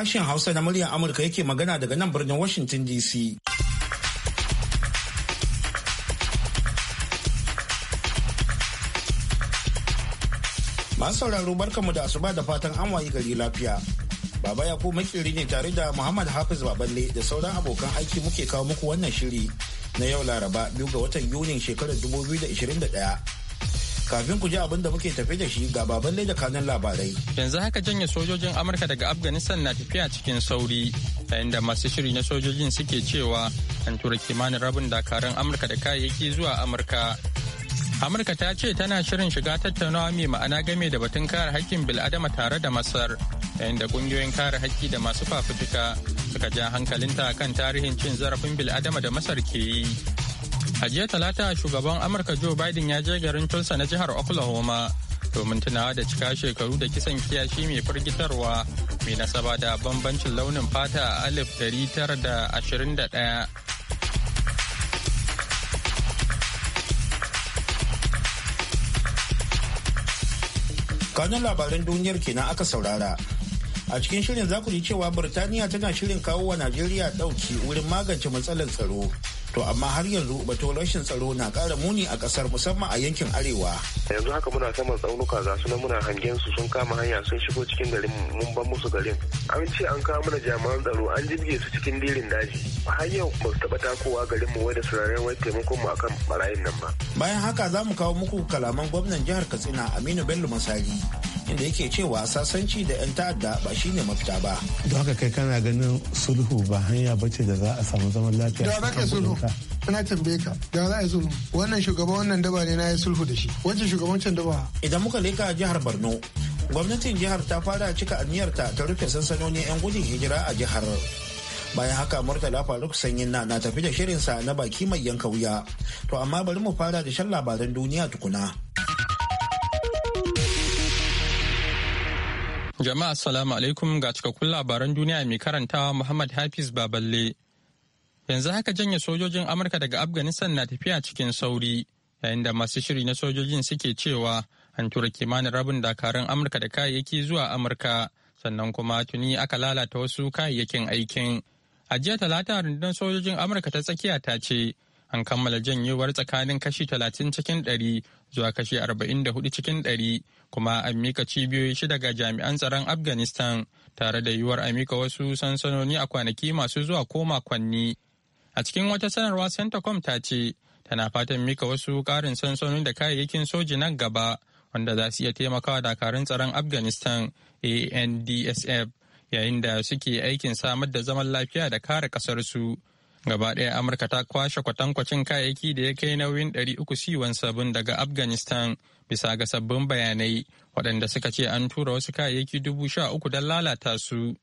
Sashen Hausa na muryar Amurka yake magana daga nan birnin Washington DC. Masu sauraro barkanmu da asuba da fatan an wayi gari lafiya. Baba ya ku makiri ne tare da Muhammad Hafiz Baballe da sauran abokan aiki muke kawo muku wannan shiri na yau Laraba biyu ga watan Yunin shekarar 2021. kafin ku ji abin da muke tafi da shi ga baban da kanan labarai. Yanzu haka janye sojojin Amurka daga Afghanistan na tafiya cikin sauri, yayin da masu shiri na sojojin suke cewa an tura kimanin rabin dakarun Amurka da kayayyaki zuwa Amurka. Amurka ta ce tana shirin shiga tattaunawa mai ma'ana game da batun kare haƙƙin bil'adama tare da Masar, yayin da ƙungiyoyin kare haƙƙi da masu fafutuka suka ja hankalinta kan tarihin cin zarafin bil'adama da Masar ke yi. A jiya talata shugaban Amurka Joe Biden ya je garin Tulsa na jihar Oklahoma domin tunawa da cika shekaru da kisan kiyashi mai firgitarwa mai nasaba da bambancin launin fata a alif ɗaya. kanun labaran duniyar kenan aka saurara a cikin shirin za ji cewa birtaniya tana shirin kawo wa najeriya ɗauki wurin magance matsalar tsaro to amma har yanzu bato rashin tsaro na ƙara muni a ƙasar musamman a yankin arewa yanzu haka muna saman tsaunuka zasu su muna hangen su sun kama hanya sun shigo cikin garin mun ban musu garin an ce an kawo mana jami'an tsaro an jirge su cikin dirin daji har yau ba su taɓa takowa garin mu wai da suraren wai taimakon mu akan barayin nan ba bayan haka za mu kawo muku kalaman gwamnan jihar katsina aminu bello masari inda yake cewa sasanci da 'yan ta'adda ba shi ne mafita ba. Don haka kai kana ganin sulhu ba hanya bace da za a samu zaman lafiya. Da za sulhu. Ina tambaye ka da za a yi sulhu. Wannan shugaban wannan daba ne na yi sulhu da shi. Wancan shugaban can daba. Idan muka leka jihar Borno gwamnatin jihar ta fara cika aniyarta ta rufe sansanoni 'yan gudun hijira a jihar. bayan haka murtala faruk sanyin na na tafi da shirinsa na baki mai yanka wuya to amma bari mu fara da shan labaran duniya tukuna. Jama'a salamu alaikum ga cikakkun labaran duniya mai karantawa Muhammad Hafiz Baballe. Yanzu haka janye sojojin Amurka daga Afghanistan na tafiya cikin sauri, yayin da masu shiri na sojojin suke cewa an tura kimanin rabin dakarun Amurka da kayayyaki zuwa Amurka, sannan kuma tuni aka lalata wasu kayayyakin aikin. A jiya talata rundunar sojojin Amurka ta tsakiya ta ce an kammala janyewar tsakanin kashi 30 cikin 100 zuwa kashi 44 cikin 100 kuma an mika cibiyoyi shida ga jami'an tsaron afghanistan tare da yiwuwar an mika wasu sansanoni a kwanaki masu zuwa ko makonni a cikin wata sanarwa centacom ta ce tana fatan mika wasu karin sansanoni da kayayyakin soji nan gaba wanda za su iya taimakawa dakarun tsaron afghanistan andsf yayin da suke aikin samar da zaman lafiya da kare ƙasarsu. su Gaba ɗaya Amurka ta kwashe kwatankwacin kayayyaki da ya kai nauyin 300 siwon sabin daga Afghanistan bisa ga sabbin bayanai waɗanda suka ce an tura wasu kayayyaki dubu sha uku don lalata su.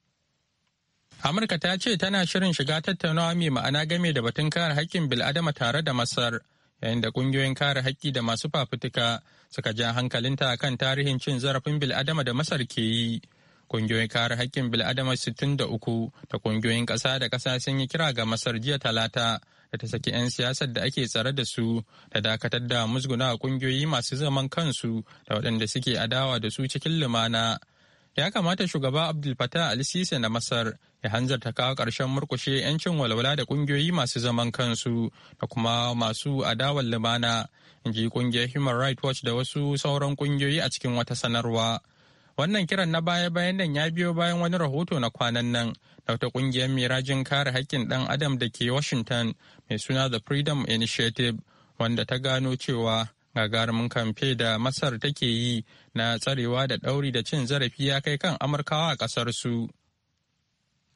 Amurka ta ce tana shirin shiga tattaunawa mai ma'ana game da batun kare haƙƙin bil'adama tare da Masar, yayin da ƙungiyoyin kare haƙƙi da masu fafutuka suka ja hankalinta kan tarihin cin zarafin bil'adama da Masar ke yi. kungiyoyin kare haƙƙin bil'adama 63 da kungiyoyin ƙasa da ƙasa sun yi kira ga masar jiya talata da ta saki 'yan siyasar da ake tsare da su da dakatar da musguna kungiyoyi masu zaman kansu da waɗanda suke adawa da su cikin lumana ya kamata shugaba abdul fatah al sisi na masar ya hanzarta kawo ƙarshen murkushe 'yancin walwala da kungiyoyi masu zaman kansu da kuma masu adawar lumana in ji kungiyar human rights watch da wasu sauran kungiyoyi a cikin wata sanarwa Wannan kiran na baya-bayan nan ya biyo bayan wani rahoto na kwanan nan da wata ƙungiyar mirajin kare haƙƙin ɗan adam da ke Washington mai suna The Freedom Initiative wanda ta gano cewa gagarumin kamfe da Masar take yi na tsarewa da ɗauri da cin zarafi ya kai kan Amurkawa a ƙasar su.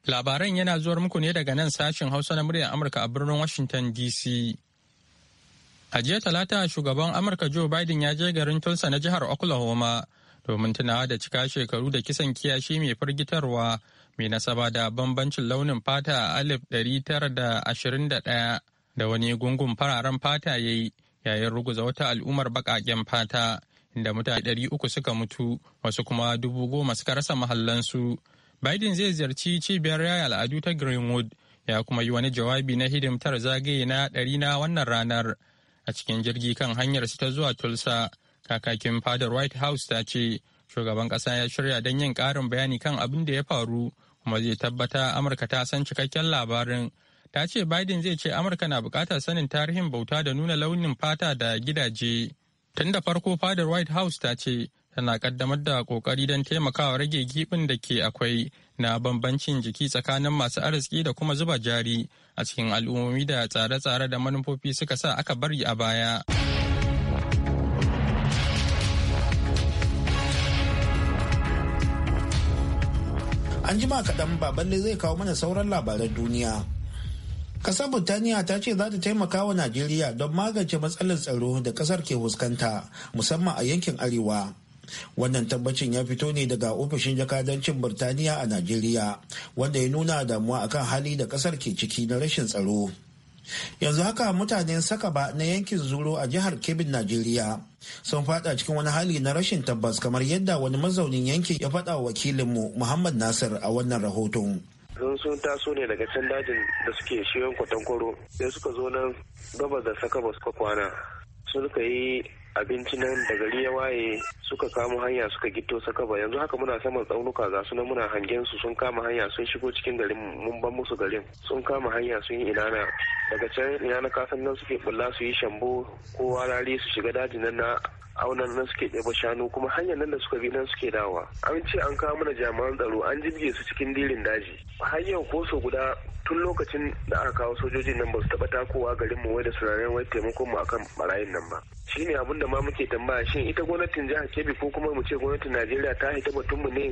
Labaran yana zuwar muku ne daga nan sashen Hausa na muryar Amurka a birnin Washington DC. A jiya Talata shugaban Amurka Joe Biden ya je garin Tulsa na jihar Oklahoma domin tunawa da cika shekaru da kisan kiyashi mai firgitarwa mai nasaba da bambancin launin fata a alif ɗari tara da ashirin da ɗaya da wani gungun fararen fata ya yi yayin ruguza wata al'ummar baƙaƙen fata inda mutane ɗari uku suka mutu wasu kuma dubu goma suka rasa mahallansu. Biden zai ziyarci cibiyar raya al'adu ta Greenwood ya kuma yi wani jawabi na hidimtar zagaye na ɗari na wannan ranar a cikin jirgi kan hanyarsu ta zuwa Tulsa. kakakin fadar white house ta ce shugaban kasa ya shirya don yin karin bayani kan abin da ya faru kuma zai tabbata amurka ta san cikakken labarin ta ce biden zai ce amurka na bukatar sanin tarihin bauta da nuna launin fata da gidaje tun da farko fadar white house ta ce tana kaddamar da kokari don taimakawa rage gibin da ke akwai na bambancin jiki tsakanin masu arziki da kuma zuba jari a cikin al'ummomi da tsare-tsare da manufofi suka sa aka bari a baya. an jima kaɗan baballe zai kawo mana sauran labaran duniya Ƙasar burtaniya ta ce za ta taimaka wa najeriya don magance matsalar tsaro da ƙasar ke fuskanta musamman a yankin arewa wannan tabbacin ya fito ne daga ofishin jakadancin burtaniya a najeriya wanda ya nuna damuwa akan hali da ƙasar ke ciki na rashin tsaro yanzu haka mutanen sakaba na yankin zuro a jihar kebin najeriya sun fada cikin wani hali na rashin tabbas kamar yadda wani mazaunin yankin ya faɗa wa wakilinmu muhammad nasir a wannan rahoton sun sun taso ne daga can dajin da suke shiyon kwatankwaro sai suka zo nan gabas da sakaba suka kwana sun yi abinci nan da gari ya waye suka kama hanya suka gito saka ba yanzu haka muna saman tsaunuka ga su muna hangen su sun kama hanya sun shigo cikin garin mun ban musu garin sun kama hanya sun yi inana daga can na kasan nan suke bulla su yi shambo ko warari su shiga dajin nan na aunan nan suke ɗeba shanu kuma hanyar nan da suka bi nan suke dawa an ce an kawo mana jami'an tsaro an jirge su cikin dirin daji har yau ko so guda tun lokacin da aka kawo sojojin nan ba su taɓa takowa garin wai da sunanen wai taimakon mu akan barayin nan ba shine abin da ma muke tambaya shin ita gwamnatin jihar Kebbi ko kuma mu ce gwamnatin Najeriya ta hita batunmu ne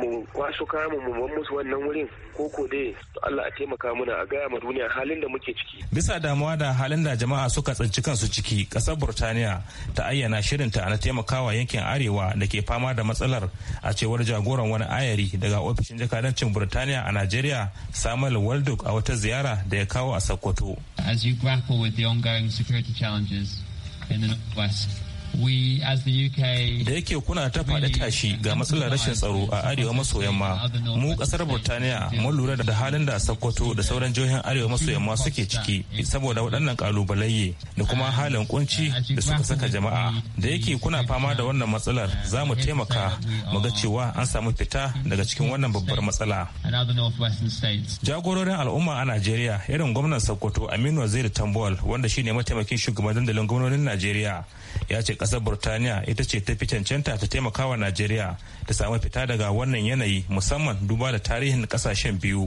mu kwaso kayan mu mun musu wannan wurin ko ko dai Allah a taimaka muna a gaya ma duniya halin da muke ciki bisa damuwa da halin da jama'a suka tsinci kansu ciki kasar Burtaniya ta ayyana shirinta na taimakawa yankin arewa da ke fama da matsalar a cewar jagoran wani ayari daga ofishin jakadancin Burtaniya a Najeriya Samuel Walduk a wata ziyara da ya kawo a Sokoto as you grapple with the ongoing security challenges in the west. da yake kuna ta faɗi tashi ga matsalar rashin tsaro a arewa maso yamma mu kasar burtaniya mun lura da halin da sokoto da sauran jihohin arewa maso yamma suke ciki saboda waɗannan kalubalaye da kuma halin kunci da suka saka jama'a da yake kuna fama da wannan matsalar za mu taimaka mu ga cewa an samu fita daga cikin wannan babbar matsala jagororin al'umma a najeriya irin gwamnan sokoto aminu waziri tambol wanda shine mataimakin shugaban dandalin gwamnonin najeriya ya ce kasar burtaniya ita ce ta fi cancanta ta taimaka wa najeriya ta samu fita daga wannan yanayi musamman duba da tarihin kasashen biyu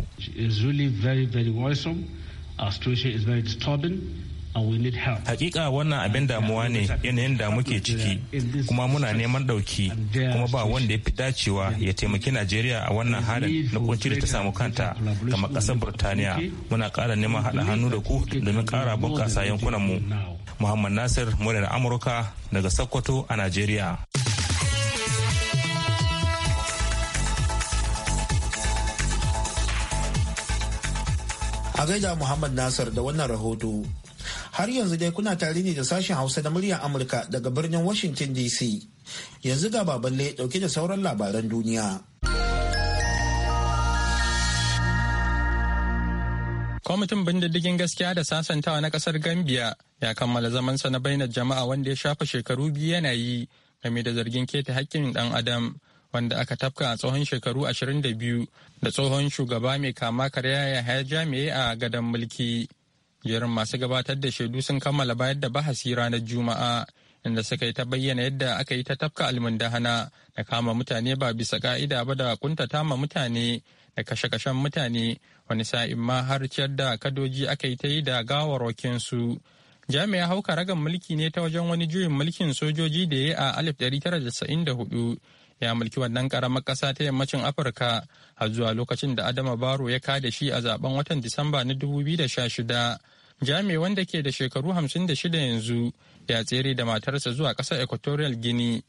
hakika wannan abin damuwa ne yanayin da muke ciki kuma muna neman ɗauki kuma ba wanda ya fi dacewa ya taimaki najeriya a wannan halin na kunci da ta samu kanta kama ƙasar burtaniya muna ƙara neman haɗa hannu da ku domin kara bunƙasa yankunanmu Muhammad Nasir muryar Amurka daga Sokoto a Najeriya. A gaida Muhammad Nasir da wannan rahoto. Har yanzu dai kuna tare ne da sashen Hausa da muryar Amurka daga birnin Washington DC. Yanzu ga baballe dauke da sauran labaran duniya. Kwamitin bindiddigin gaskiya da sasantawa na kasar Gambia ya kammala zamansa na bainar jama'a wanda ya shafa shekaru biyu yana yi game da zargin keta hakkin ɗan adam wanda aka tafka a tsohon shekaru ashirin da biyu da tsohon shugaba mai kama karya ya haya jami'ai a gadon mulki. Jerin masu gabatar da shaidu sun kammala bayar da bahasi ranar Juma'a inda suka yi ta bayyana yadda aka yi ta tafka almundahana da kama mutane ba bisa ka'ida ba da kuntata ma mutane da kashe-kashen mutane wani sa'in ma har ciyar da kadoji aka yi ta yi da gawarwakin su jami'a hauka ragan mulki ne ta wajen wani juyin mulkin sojoji da ya yi a 1994 ya mulki wannan karamar ƙasa ta yammacin afirka har zuwa lokacin da adama baro ya kada shi a zaben watan disamba na 2016 jami wanda ke da shekaru 56 yanzu ya tsere da matarsa zuwa ƙasar equatorial guinea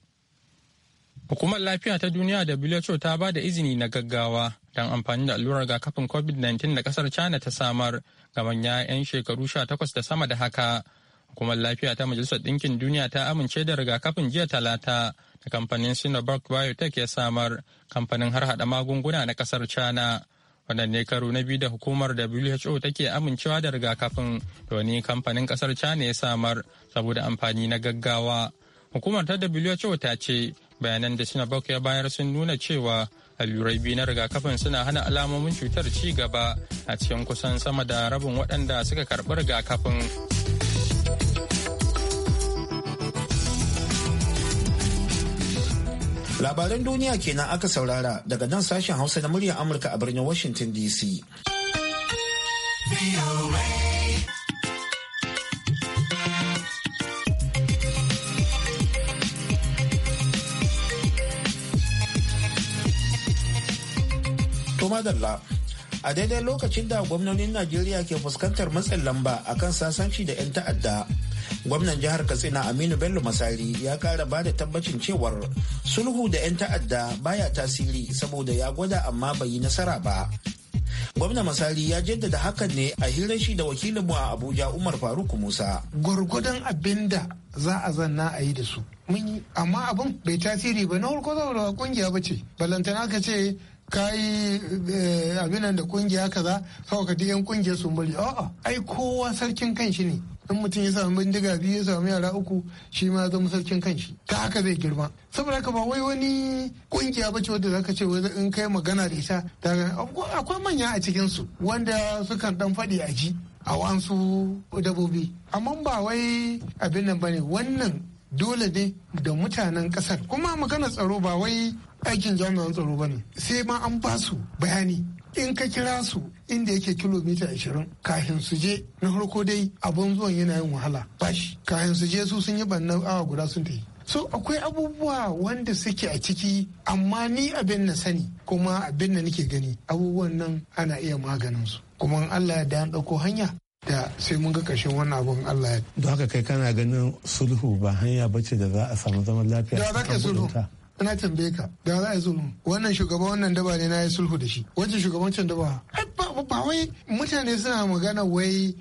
Hukumar Lafiya ta Duniya da WHO ta ba da izini na gaggawa don amfani da allurar rigakafin covid-19 da kasar china ta samar ga manya 'yan shekaru 18 da sama da haka hukumar lafiya ta majalisar ɗinkin duniya ta amince da rigakafin jiya talata da kamfanin sinovac biotech ya samar kamfanin har hada magunguna na kasar china wannan ne karo na biyu da hukumar who take amincewa da rigakafin da wani kamfanin kasar china ya samar saboda amfani na gaggawa hukumar ta who ta ce bayanan da sinovac ya bayar sun nuna cewa allurai biyu na rigakafin suna hana alamomin cutar ci gaba a cikin kusan sama da rabin waɗanda suka karɓi rigakafin labaran duniya kenan aka saurara daga nan sashen hausa na muryar amurka a birnin washington dc madalla a daidai lokacin da gwamnonin najeriya ke fuskantar matsin lamba a kan sasanci da 'yan ta'adda gwamnan jihar katsina aminu bello masari ya kara ba da tabbacin cewar sulhu da 'yan ta'adda baya tasiri saboda ya gwada amma bai yi nasara ba gwamna masari ya jaddada hakan ne a hirar shi da wakilinmu a abuja umar faruk musa gwargwadon abinda za a zanna a yi da su amma abin bai tasiri ba na farko saboda kungiya ba ce balantana ka ce ka yi eh, abinan da kungiya kaza sau ka yan kungiyar su murya a'a ai kowa sarkin shi ne in mutum ya samu bindiga biyu ya samu yara uku shi ma zama sarkin shi ta haka zai girma saboda haka ba wai wani kungiya ba ce wadda ka ce wai in kai magana da ita akwai manya a cikin su wanda sukan dan faɗi a ji a wansu dabobi amma ba wai abin nan bane wannan dole ne da mutanen kasar kuma magana tsaro ba wai aikin jami'an tsaro ba ne sai ma an ba su bayani in ka kira su inda yake kilomita 20 kafin su je na farko dai abun zuwan yana yin wahala bashi kafin su je su sun yi bannan awa guda sun ta so akwai abubuwa wanda suke a ciki amma ni abin na sani kuma abin da nake gani abubuwan nan ana iya maganin su kuma Allah ya da dauko hanya da sai mun ga ƙarshen wannan abun Allah ya. Don haka kai kana ganin sulhu ba hanya bace da za a samu zaman lafiya. Da za ka sulhu. ina tambaye ka da za a yi wannan shugaban wannan daba ne na yi sulhu da shi wancan shugaban can daba ba wai mutane suna magana wai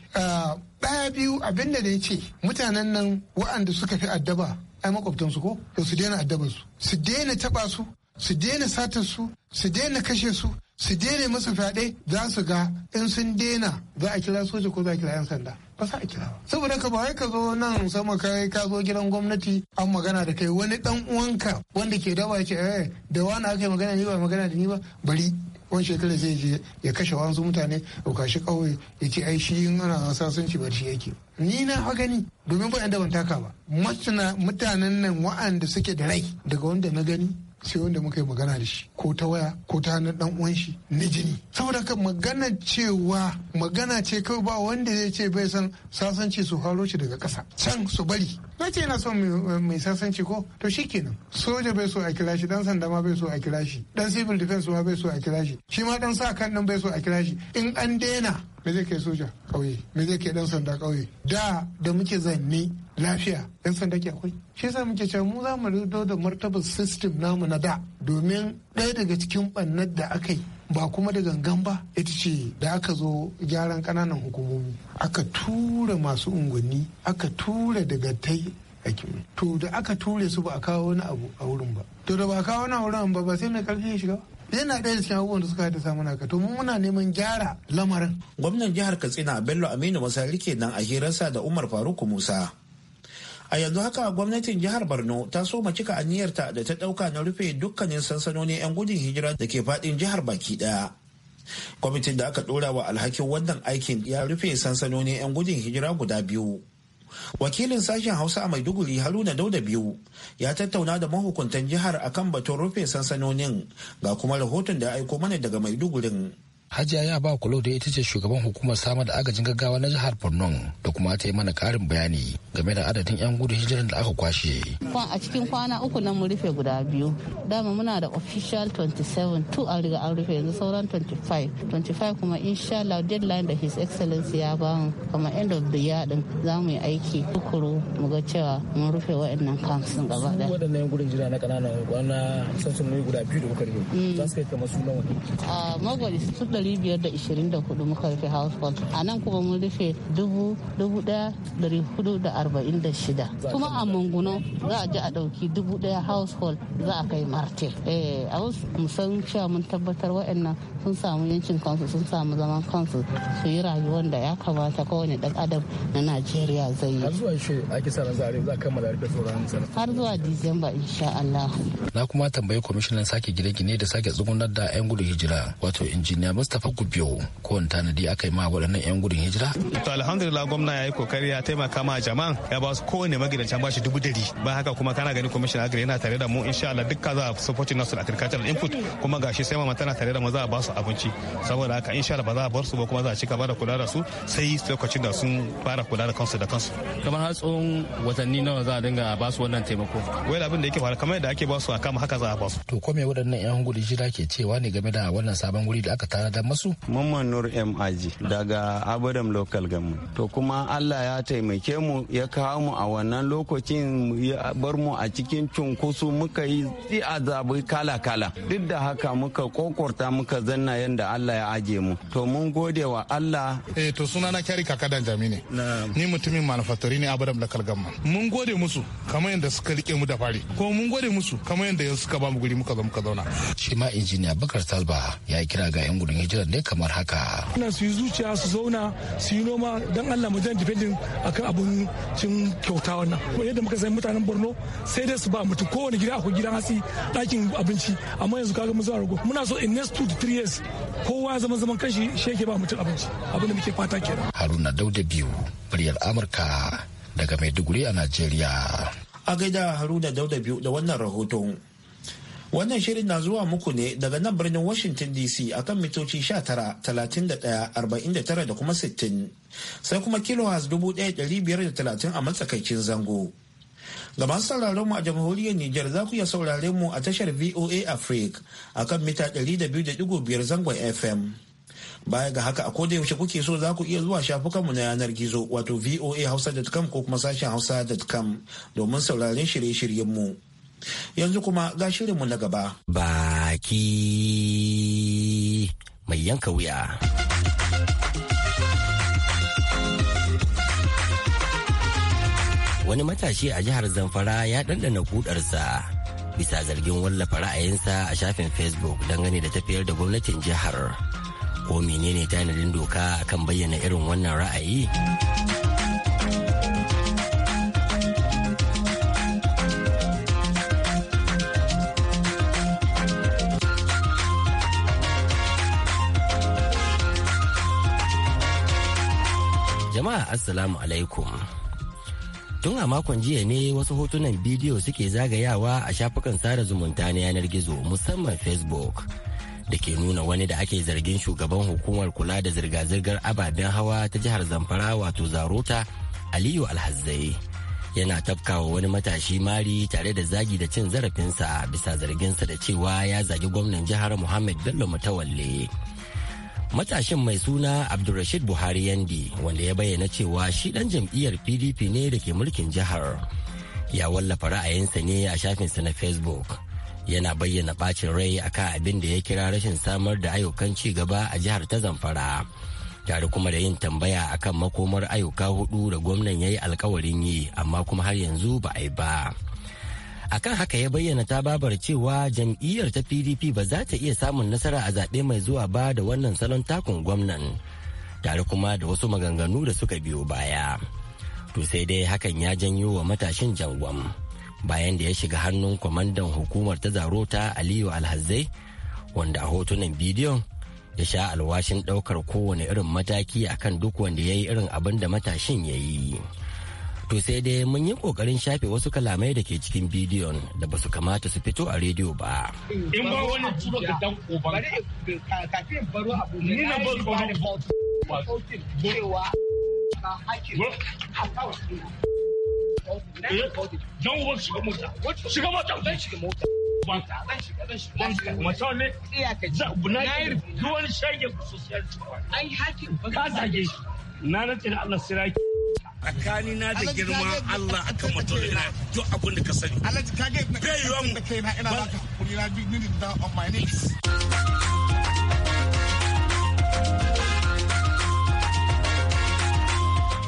ɗaya biyu abinda da ya ce mutanen nan wa'anda suka fi addaba ai makwabtansu ko to su daina addabar su su daina taba su su daina satar su su daina kashe su su daina musu fyaɗe za su ga in sun daina za a kira soja ko za a kira 'yan sanda ba sa a kira saboda ka ba wai ka zo nan sama kai ka zo gidan gwamnati an magana da kai wani dan uwanka wanda ke daba ya ce eh da wani aka yi magana ni ba magana da ni ba bari wani shekara zai je ya kashe wasu mutane ya kashi kauye ya ce ai shi in ana sasanci ba shi yake ni na fa gani domin ba ban taka ba mutanen nan wa'anda suke da rai daga wanda na gani sai wanda muka yi magana da shi ko ta waya ko ta hannun dan uwan shi na jini saboda ka magana cewa magana ce kawai ba wanda zai ce bai san sasanci su haro shi daga kasa. can su bari na ce yana son mai sasanci ko to shikenan soja bai so a kira shi dan sanda ma bai so a kira shi dan civil defense ma bai so a kira shi shi ma dan sa kan nan bai so a kira shi in an daina me zai kai soja kauye me zai kai dan sanda kauye da da muke zanne lafiya yan sanda ke akwai shi yasa muke cewa mu za mu rido da martabar system namu na da domin ɗaya daga cikin ɓannar da aka yi ba kuma da gangan ba ita ce da aka zo gyaran ƙananan hukumomi aka tura masu unguwanni aka tura daga ta to da aka ture su ba a kawo wani abu a wurin ba to da ba a kawo wani a wurin ba ba sai mai karfi ya shiga yana ɗaya cikin abubuwan da suka haddasa samun haka to mu muna neman gyara lamarin gwamnan jihar katsina bello aminu masari nan a hirarsa da umar faruk musa a yanzu haka gwamnatin jihar borno ta soma cika aniyarta da ta dauka na rufe dukkanin sansanonin 'yan gudun hijira da ke fadin jihar baki daya kwamitin da aka dora wa alhakin wannan aikin ya rufe sansanonin 'yan gudun hijira guda biyu wakilin sashen hausa a maiduguri haruna dauda biyu ya tattauna da mahukuntan jihar akan batun rufe sansanonin ga kuma rahoton da ya aiko mana daga maidugurin Hajiya ya ba kulo da ita ce shugaban hukumar samar da agajin gaggawa na jihar Borno da kuma ta yi mana karin bayani game da adadin 'yan gudun hijirar da aka kwashe. A cikin kwana uku nan mu rufe guda biyu. Dama muna da official 27, two an riga an rufe yanzu sauran 25. 25 kuma insha Allah deadline da His Excellency ya ba mu kamar end of the year din za mu yi aiki tukuru mu ga cewa mun rufe waɗannan camps din gaba ɗaya. Waɗannan 'yan gudun hijira na ƙananan kwana sansanoni guda biyu da kuka rufe. Mm. Za su kai kamar sunan wani. 524 muka rufe household a nan kuma mun rufe 1446 kuma a munguno za a ji a ɗauki 1000 household za a kai marte eh, a wasu musamman cewa mun tabbatar waɗannan sun samu yancin kansu sun samu zaman kansu su yi rayuwar da ya kamata kowane dan adam na najeriya zai yi har zuwa shi ake sa ran za a kammala rufe tsoron har zuwa disamba insha allah na kuma tambayi kwamishinan sake gine-gine da sake tsugunar da yan gudun hijira wato injiniya mustapha gubiyo ko wani tanadi aka yi ma waɗannan yan gudun hijira to alhamdulillah gwamna ya yi kokari ya taimaka ma jama'an ya ba su kowane magidancin bashi dubu dari ba haka kuma kana gani kwamishinan agri yana tare da mu insha allah dukka za a support nasu agricultural input kuma gashi sai ma tana tare da mu za a ba su su abinci saboda haka insha Allah ba za a bar su ba kuma za a ci gaba da kula da su sai lokacin da sun fara kula da kansu da kansu kamar har tsawon watanni nawa za a dinga ba su wannan taimako wai abin da yake faru kamar yadda ake ba su a kama haka za a ba su to ko waɗannan yan gudu jira ke cewa ne game da wannan sabon guri da aka tara da masu mamman nur maji daga abadam local gamu to kuma Allah ya taimake mu ya kawo mu a wannan lokacin ya bar mu a cikin cunkusu muka yi azabi kala kala duk da haka muka kokorta muka zan din na yanda Allah ya aje mu to mun gode wa Allah eh to suna na kyari kaka dan jami ne ni mutumin manufaturi ne abadam da kalgamma mun gode musu kamar yanda suka rike mu da fari ko mun gode musu kamar yanda yanzu suka ba mu guri muka zo muka zauna shi ma injiniya Bakar Talba ya kira ga yan gudun hijira ne kamar haka ina su yi zuciya su zauna su yi noma dan Allah mu jan depending akan abun cin kyauta wannan yadda muka sai mutanen Borno sai dai su ba mutum kowane gida akwai gidan hasi dakin abinci amma yanzu kaga mu zuwa rago muna so in next two to three years space kowa zama zaman kanshi shi yake ba mutum abinci abin da muke fata kenan haruna dauda biyu muryar amurka daga maiduguri a najeriya a gaida haruna dauda biyu da wannan rahoton wannan shirin na zuwa muku ne daga nan birnin washington dc akan mitoci 19 da kuma 60 sai kuma da 1530 a matsakaicin zango Ga masu sauraron mu a jamhuriyar Nijar za ku iya saurare mu a tashar VOA Africa a kan mita 200.5 zangon FM. Baya ga haka a koda yaushe kuke so za ku iya zuwa shafukanmu na yanar gizo wato VOA Hausa.com ko kuma sashen hausa.com domin sauraren shirye shiryen mu Yanzu kuma ga shirinmu na gaba. Baki mai yanka wuya. wani matashi a jihar zamfara ya ɗanɗana kudarsa bisa zargin wallafa ra'ayinsa a shafin facebook dangane da tafiyar da gwamnatin jihar ko menene tanadin doka kan bayyana irin wannan ra'ayi jama'a assalamu alaikum tun a makon jiya ne wasu hotunan bidiyo suke zagayawa a shafukan sada zumunta na yanar gizo musamman facebook da ke nuna wani da ake zargin shugaban hukumar kula da zirga-zirgar ababen hawa ta jihar zamfara wato zarota aliyu alhazzai yana tafkawa wani matashi mari tare da zagi da cin zarafinsa bisa zarginsa da cewa ya zagi gwamnan jihar muhammad bello mutawalle matashin mai suna abdulrashid buhari yandi wanda ya bayyana cewa shi dan jam'iyyar pdp ne da ke mulkin jihar ya wallafa ra'ayinsa ne a shafinsa na facebook yana bayyana bacin rai akan abin da ya kira rashin samar da ayyukan ci gaba a jihar ta zamfara tare kuma da yin tambaya akan makomar ayyuka hudu da gwamnan ya yi alkawarin yi amma kuma har yanzu ba a yi ba. akan haka ya bayyana ta babar cewa jam'iyyar ta pdp ba za ta iya samun nasara a zaɓe mai zuwa ba da wannan salon takun gwamnan tare kuma da wasu maganganu da suka biyo baya to sai dai hakan ya janyo wa matashin jangwam bayan da ya shiga hannun kwamandan hukumar ta Zarota, aliyu alhazai wanda a hotunan bidiyon ya sha alwashin ɗaukar kowane irin mataki akan duk wanda ya yi irin abin da matashin ya yi. To sai dai mun yi kokarin shafe wasu kalamai da ke cikin bidiyon da ba su kamata su fito a rediyo ba. In ba wani tura ka dan Bari Kafin baro abu ne. Ni na Cewa ba hakin account ɗina. Eh, Don uban shiga mota. Shiga mota. Zan shiga mota. ka zage na nace da Allah siraki na da girma Allah aka matolina duk abin da ka sani. Alhaji kage kai yiwa da na ina ba hakuri na nini da on my knees.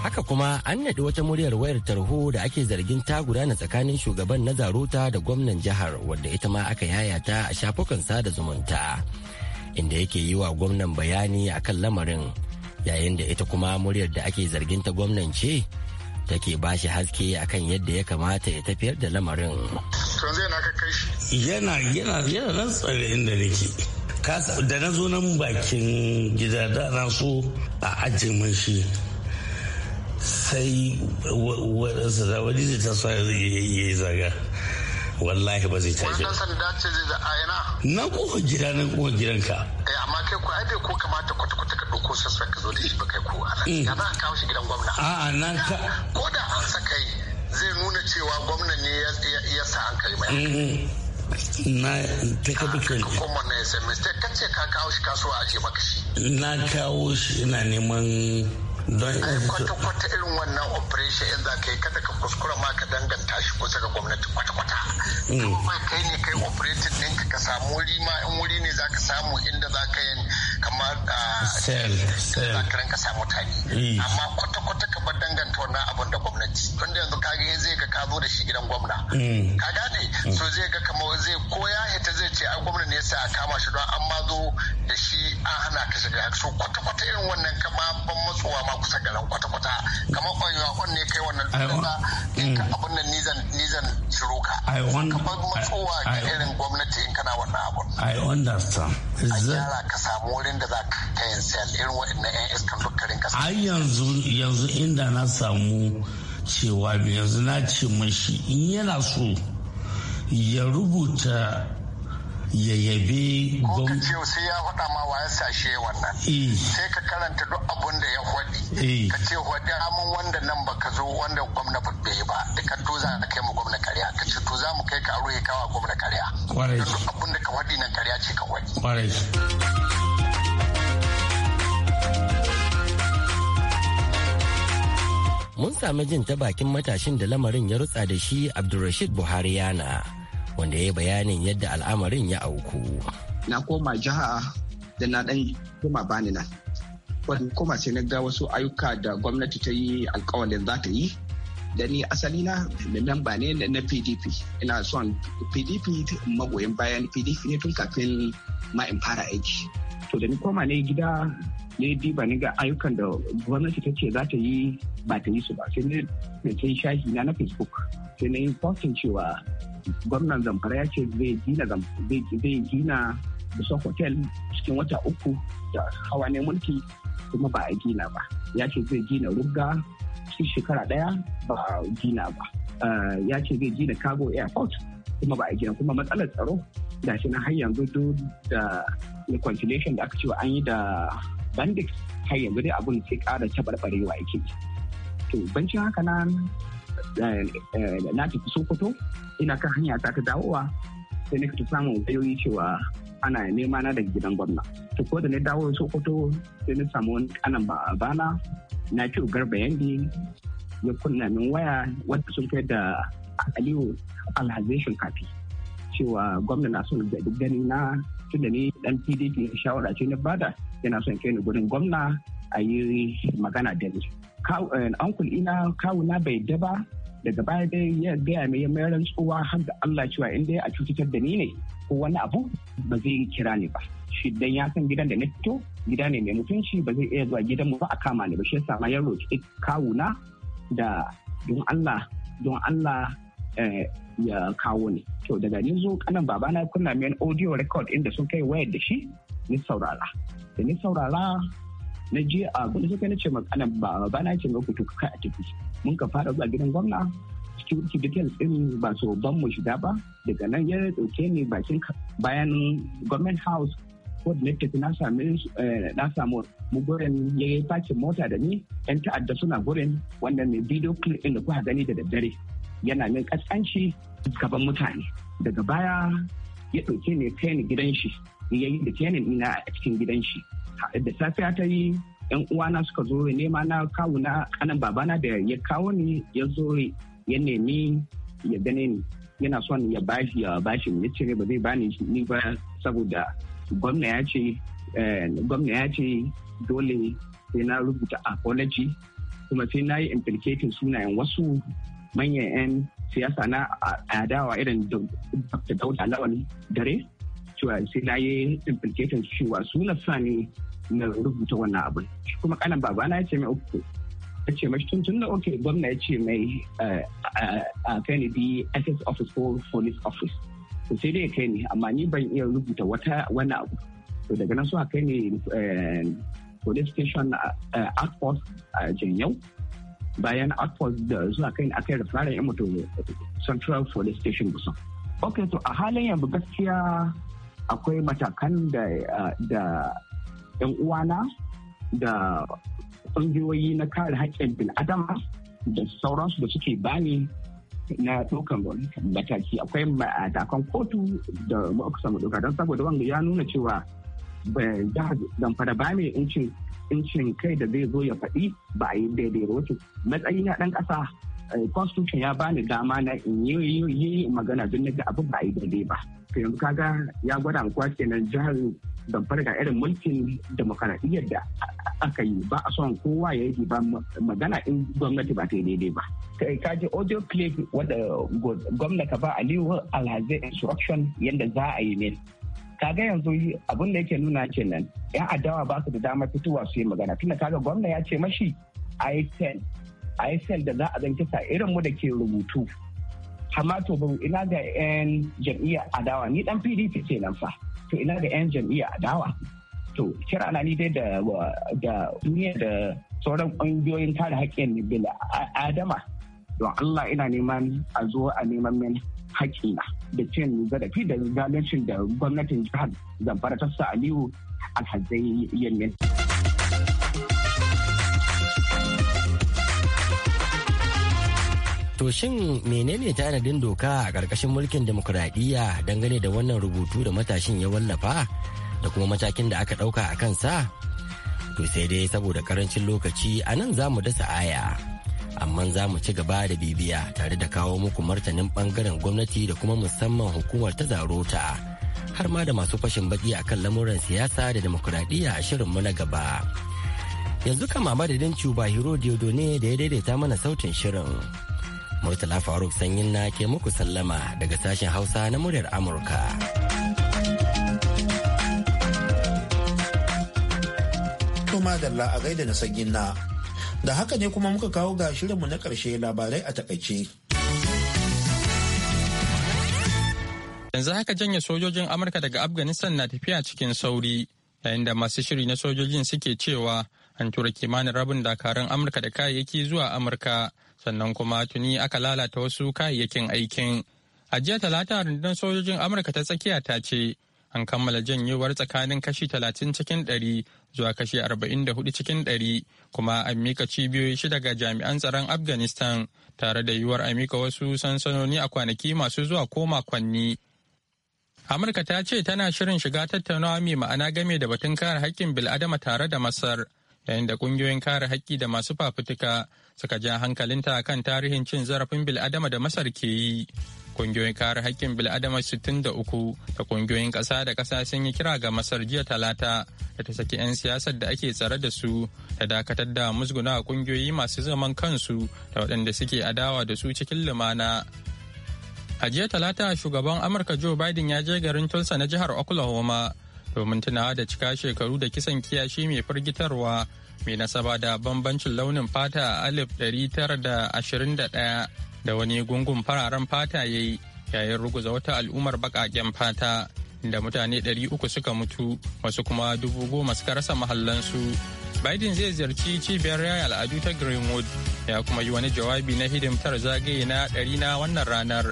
Haka kuma an naɗi wata muryar wayar tarho da ake zargin ta gudana tsakanin shugaban na Zarota da gwamnan jihar wadda ita ma aka yayata a shafukan sada zumunta inda yake yi wa gwamnan bayani akan lamarin. yayin da ita kuma muryar da ake zargin ta gwamnan ce take ba shi haske akan yadda ya kamata ya tafiyar da lamarin. Yana yana yana nan tsare inda nake. Da na zo nan bakin gida da na so a ajiye man shi sai waɗansa da wani zai ta ya yi zaga. wallahi ba zai tashi wannan sanda ce zai za a ina nan kofar gida nan kofar ka. eh amma kai ko ai bai ko kamata kwata kwata ka dauko sassan ka zo da shi ba kai ko a mm. ya za a kawo shi gidan gwamna a'a nan ka ko da an saka yi zai nuna cewa gwamna ne ya sa an mm-hmm. kai mai na ta kafa kyau kuma na sms ta kace ka kawo shi kasuwa a ce maka shi na kawo shi ina neman Ai eh, kwata-kwata irin wannan operation in za ka yi kada ka kuskura ma ka danganta shi kusa ga gwamnati kwata-kwata. Hmm. Kawai kai ne kai operating ɗinka ka samu wuri ma in wuri ne za ka samu inda za ka yi kamar ah, a sel sel ka ranka samu tari eh. amma kwata kwata ka bar danganta wannan abin da gwamnati tunda yanzu kage zai ga ka zo da shi gidan gwamna mm. ka gane mm. so zai ga kamar zai koya hita zai ce a gwamna ne yasa a kama shi don an ma zo da shi an hana ka shiga so kwata kwata irin wannan kama ban matsuwa ma kusa galan kwata kwata kamar ɓanyewa ne kai wannan dukkan mm. abin nan nizan nizan shiro ka ka bar matsowa ga irin gwamnati in kana wannan abun I understand. A gyara ka samu wurin wurin da za ka kayan sayan irin waɗannan 'yan iskan dukkanin ƙasa. ai yanzu yanzu inda na samu cewa yanzu na ce mashi in yana so ya rubuta ya yabe gom. ko ka sai ya faɗa ma wa ya sashe wannan eh. sai ka karanta duk abun da ya faɗi eh. ka ce faɗi amin wanda nan ba ka zo wanda gwamna bai yi ba da ka to za ka kai mu gwamna karya ka ce to za mu kai ka aro ya kawa gwamna karya kwarai duk abun da ka faɗi nan karya ce ka faɗi kwarai mun sami jin ta bakin matashin da lamarin ya rutsa da shi abdulrashid buhari yana wanda ya yi bayanin yadda al'amarin ya auku na koma jiha da na dan koma bani nan wani koma sai na ga wasu ayyuka da gwamnati ta yi alkawalin za ta yi da ni asali na memba ne na pdp ina son pdp magoyin bayan pdp ne tun kafin ma in fara aiki to da ni koma ne gida ne diba ni ga ayyukan da gwamnati ta ce za ta yi ba ta yi su ba sai ne ta yi shahi na na facebook sai na yi posting cewa gwamnan zamfara ya ce zai gina zai gina hotel cikin wata uku da hawa ne mulki kuma ba a gina ba ya ce zai gina rugga cikin shekara daya ba a gina ba eh, ya ce zai gina cargo airport kuma ba a gina kuma matsalar tsaro da shi na har yanzu duk da reconciliation da aka cewa an yi da bandit har yanzu dai abun sai kara taɓarɓarewa yake to bancin haka na eh, eh, na tafi sokoto ina kan hanya ta ta dawowa sai na fita samun wayoyi cewa ana nema na daga gidan gwamna to ko da na dawo sokoto sai na samu wani kanan ba a bana na ce garba yandi ya kunna min waya wadda sun kai da aliyu alhazeshin kafi cewa gwamna na son gani na tunda ni dan pdp shawara ce na bada yana son kai ni gurin gwamna a yi magana da ni ankul eh, ina na bai daba daga baya dai ya gaya mai mayar rantsuwa har da Allah cewa in dai a cutar da ni ne ko wani abu ba zai kira ni ba shi dan ya san gidan da na fito gida ne mai mutunci ba zai iya zuwa gidan mu ba a kama ni ba shi yasa ma ya roki kawuna da don Allah don Allah Eh, ya kawo ni to daga ni zo kanan babana kunna min audio record inda sun kai wayar da shi ni saurara da ni saurara na je a gudu suka na ce makana babana ce ga ka a tafi mun ka fara zuwa gidan gwamna security details din ba su ban mu shiga ba daga nan ya dauke ni bakin bayan government house ko da nake na sami eh, na samu mu gurin ya yi mota da ni yan ta'adda suna gurin wannan mai video clip din da kuka gani da daddare yana min kaskanci gaban mutane daga baya ya ɗauke ne kai ni gidan shi ya yi da kenan ina a cikin gidan shi da safiya ta yi yan uwana suka zo nema na kawo na kanan babana da ya kawo ni ya zo ya nemi ya gane ni yana son ya bashi ya bashi ya cire ba zai bani ni ba saboda gwamna ya ce eh, gwamna ya ce dole sai na rubuta apology kuma sai na yi implicating sunayen wasu manyan 'yan siyasa na adawa irin da Dauda lawan dare cewa sai na yi implicating cewa su na sa ne na rubuta wannan abin. Kuma kanan babana ya ce mai uku ya ce mashi tun da ok gwamna ya ce mai a kai ni bi SS office ko police office to sai dai kai ni amma ni ban iya rubuta wata wani abu to daga nan a kai ni eh, police station outpost eh, a eh, janyau bayan outpost da zuwa kai kai da fara yan mutum central police station busan ok to a halin yanzu gaskiya akwai matakan da yan uwana da ƙungiyoyi na kare haƙƙin adama da sauransu da suke bani na ɗaukan mataki akwai matakan kotu da muka samu don saboda wanga ya nuna cewa eh, jihar zamfara ba in incin yancin kai da zai zo ya faɗi ba a yi daidai ba wato matsayi na ɗan ƙasa eh, constitution ya bani dama na in yi magana don na ga abu ba a yi daidai ba to yanzu kaga ya gwada kuwa kenan jihar damfara ga irin mulkin demokaradiyyar da aka yi ba a son kowa ya yi ba magana in gwamnati ba ta yi daidai ba. Ka ji audio clip wadda gwamnati ba Aliyu alhazi instruction yadda za a yi ne. ga yanzu abin da yake nuna kenan yan adawa ba su da damar fitowa su yi magana tunda kaga gwamna ya ce mashi isel isel da za a zan sa irin mu da ke rubutu Amma to ba ina ga yan jam'iyya adawa ni dan pdp nan fa to ina ga yan jam'iyya adawa to kira na ni dai da da duniya da sauran ƙungiyoyin kare haƙƙin bil adama don Allah ina neman a zo a neman mini haƙina da cin zarafi da zalancin da gwamnatin jihar zamfara ta sa aliyu alhazai yamin. To shin menene tanadin doka a ƙarƙashin mulkin demokuraɗiyya dangane da wannan rubutu da matashin ya wallafa da kuma matakin da aka ɗauka a kansa? To sai dai saboda ƙarancin lokaci a nan za mu dasa aya. amma za mu ci gaba da bibiya tare da kawo muku martanin bangaren gwamnati da kuma musamman hukumar ta zarota har ma da masu fashin baki kan lamuran siyasa da demokuraɗiyya a shirin mu na gaba yanzu kama madadin cuba hero diodo ne da ya daidaita mana sautin shirin murtala faruk sanyin na ke muku sallama daga sashen hausa na muryar amurka kuma da a gaida na sanyin na Da haka ne kuma muka kawo ga shirinmu na ƙarshe labarai a takaice. Yanzu haka janye sojojin Amurka daga Afghanistan na tafiya cikin sauri, yayin da masu shiri na sojojin suke cewa an tura kimanin rabin dakarun Amurka da kayayyaki zuwa Amurka, sannan kuma tuni aka lalata wasu kayayyakin aikin. A jiya talata rundunar sojojin Amurka ta tsakiya ta ce, an kammala janyewar tsakanin kashi talatin cikin ɗari zuwa kashi 44 cikin 100 kuma an mika cibiyoyi shida ga jami'an tsaron afghanistan tare da yiwuwar an mika wasu sansanoni a kwanaki masu zuwa ko makonni amurka ta ce tana shirin shiga tattaunawa mai ma'ana game da batun kare haƙƙin bil'adama tare da masar yayin da kungiyoyin kare haƙƙi da masu fafutuka suka ja hankalinta kan tarihin cin zarafin bil'adama da masar ke yi kungiyoyin kare haƙƙin bil'adama 63 da kungiyoyin ƙasa da ƙasa sun yi kira ga masar jiya talata da ta saki 'yan siyasar da ake tsare da su da dakatar da musguna kungiyoyi masu zaman kansu da waɗanda suke adawa da su cikin lumana a jiya talata shugaban amurka joe biden ya je garin tulsa na jihar oklahoma domin tunawa da cika shekaru da kisan kiyashi mai firgitarwa mai nasaba da bambancin launin fata a 1921 da wani gungun fararen fata ya yi yayin ruguza wata al'ummar baƙaƙen fata da mutane 300 suka mutu wasu kuma dubu goma suka rasa mahallansu biden zai ziyarci cibiyar raya al'adu ta greenwood ya kuma yi wani jawabi na hidimtar zagaye na 100 na wannan ranar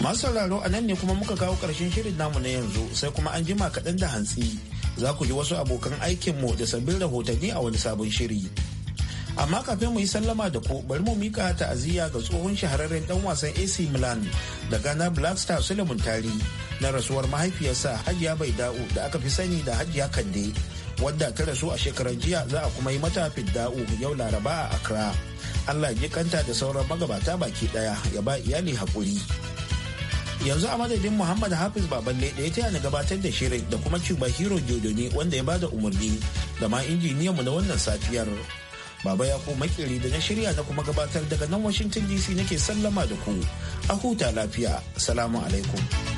Masu sauraro a nan ne kuma muka kawo ƙarshen shirin namu na yanzu sai kuma an jima kaɗan da hantsi za ku ji wasu abokan aikinmu da sabbin rahotanni a wani sabon shiri. Amma kafin mu yi sallama da ku bari mu mika ta'aziyya ga tsohon shahararren dan wasan AC Milan da Ghana Black Star Suleiman Tari na rasuwar mahaifiyarsa Hajiya bai Baida'u da aka fi sani da Hajiya Kande wadda ta rasu a shekarar jiya za a kuma yi mata fidda'u yau Laraba a Accra. Allah ya kanta da sauran magabata baki daya ya ba iyali haƙuri. yanzu a madadin muhammad hafiz baballe da ya taya ni gabatar da shirin da kuma cuba hero ne wanda ya bada umarni da ma mu na wannan safiyar baba ya ko makiri da na shirya na kuma gabatar daga nan washington dc nake sallama da ku a huta lafiya salamu alaikum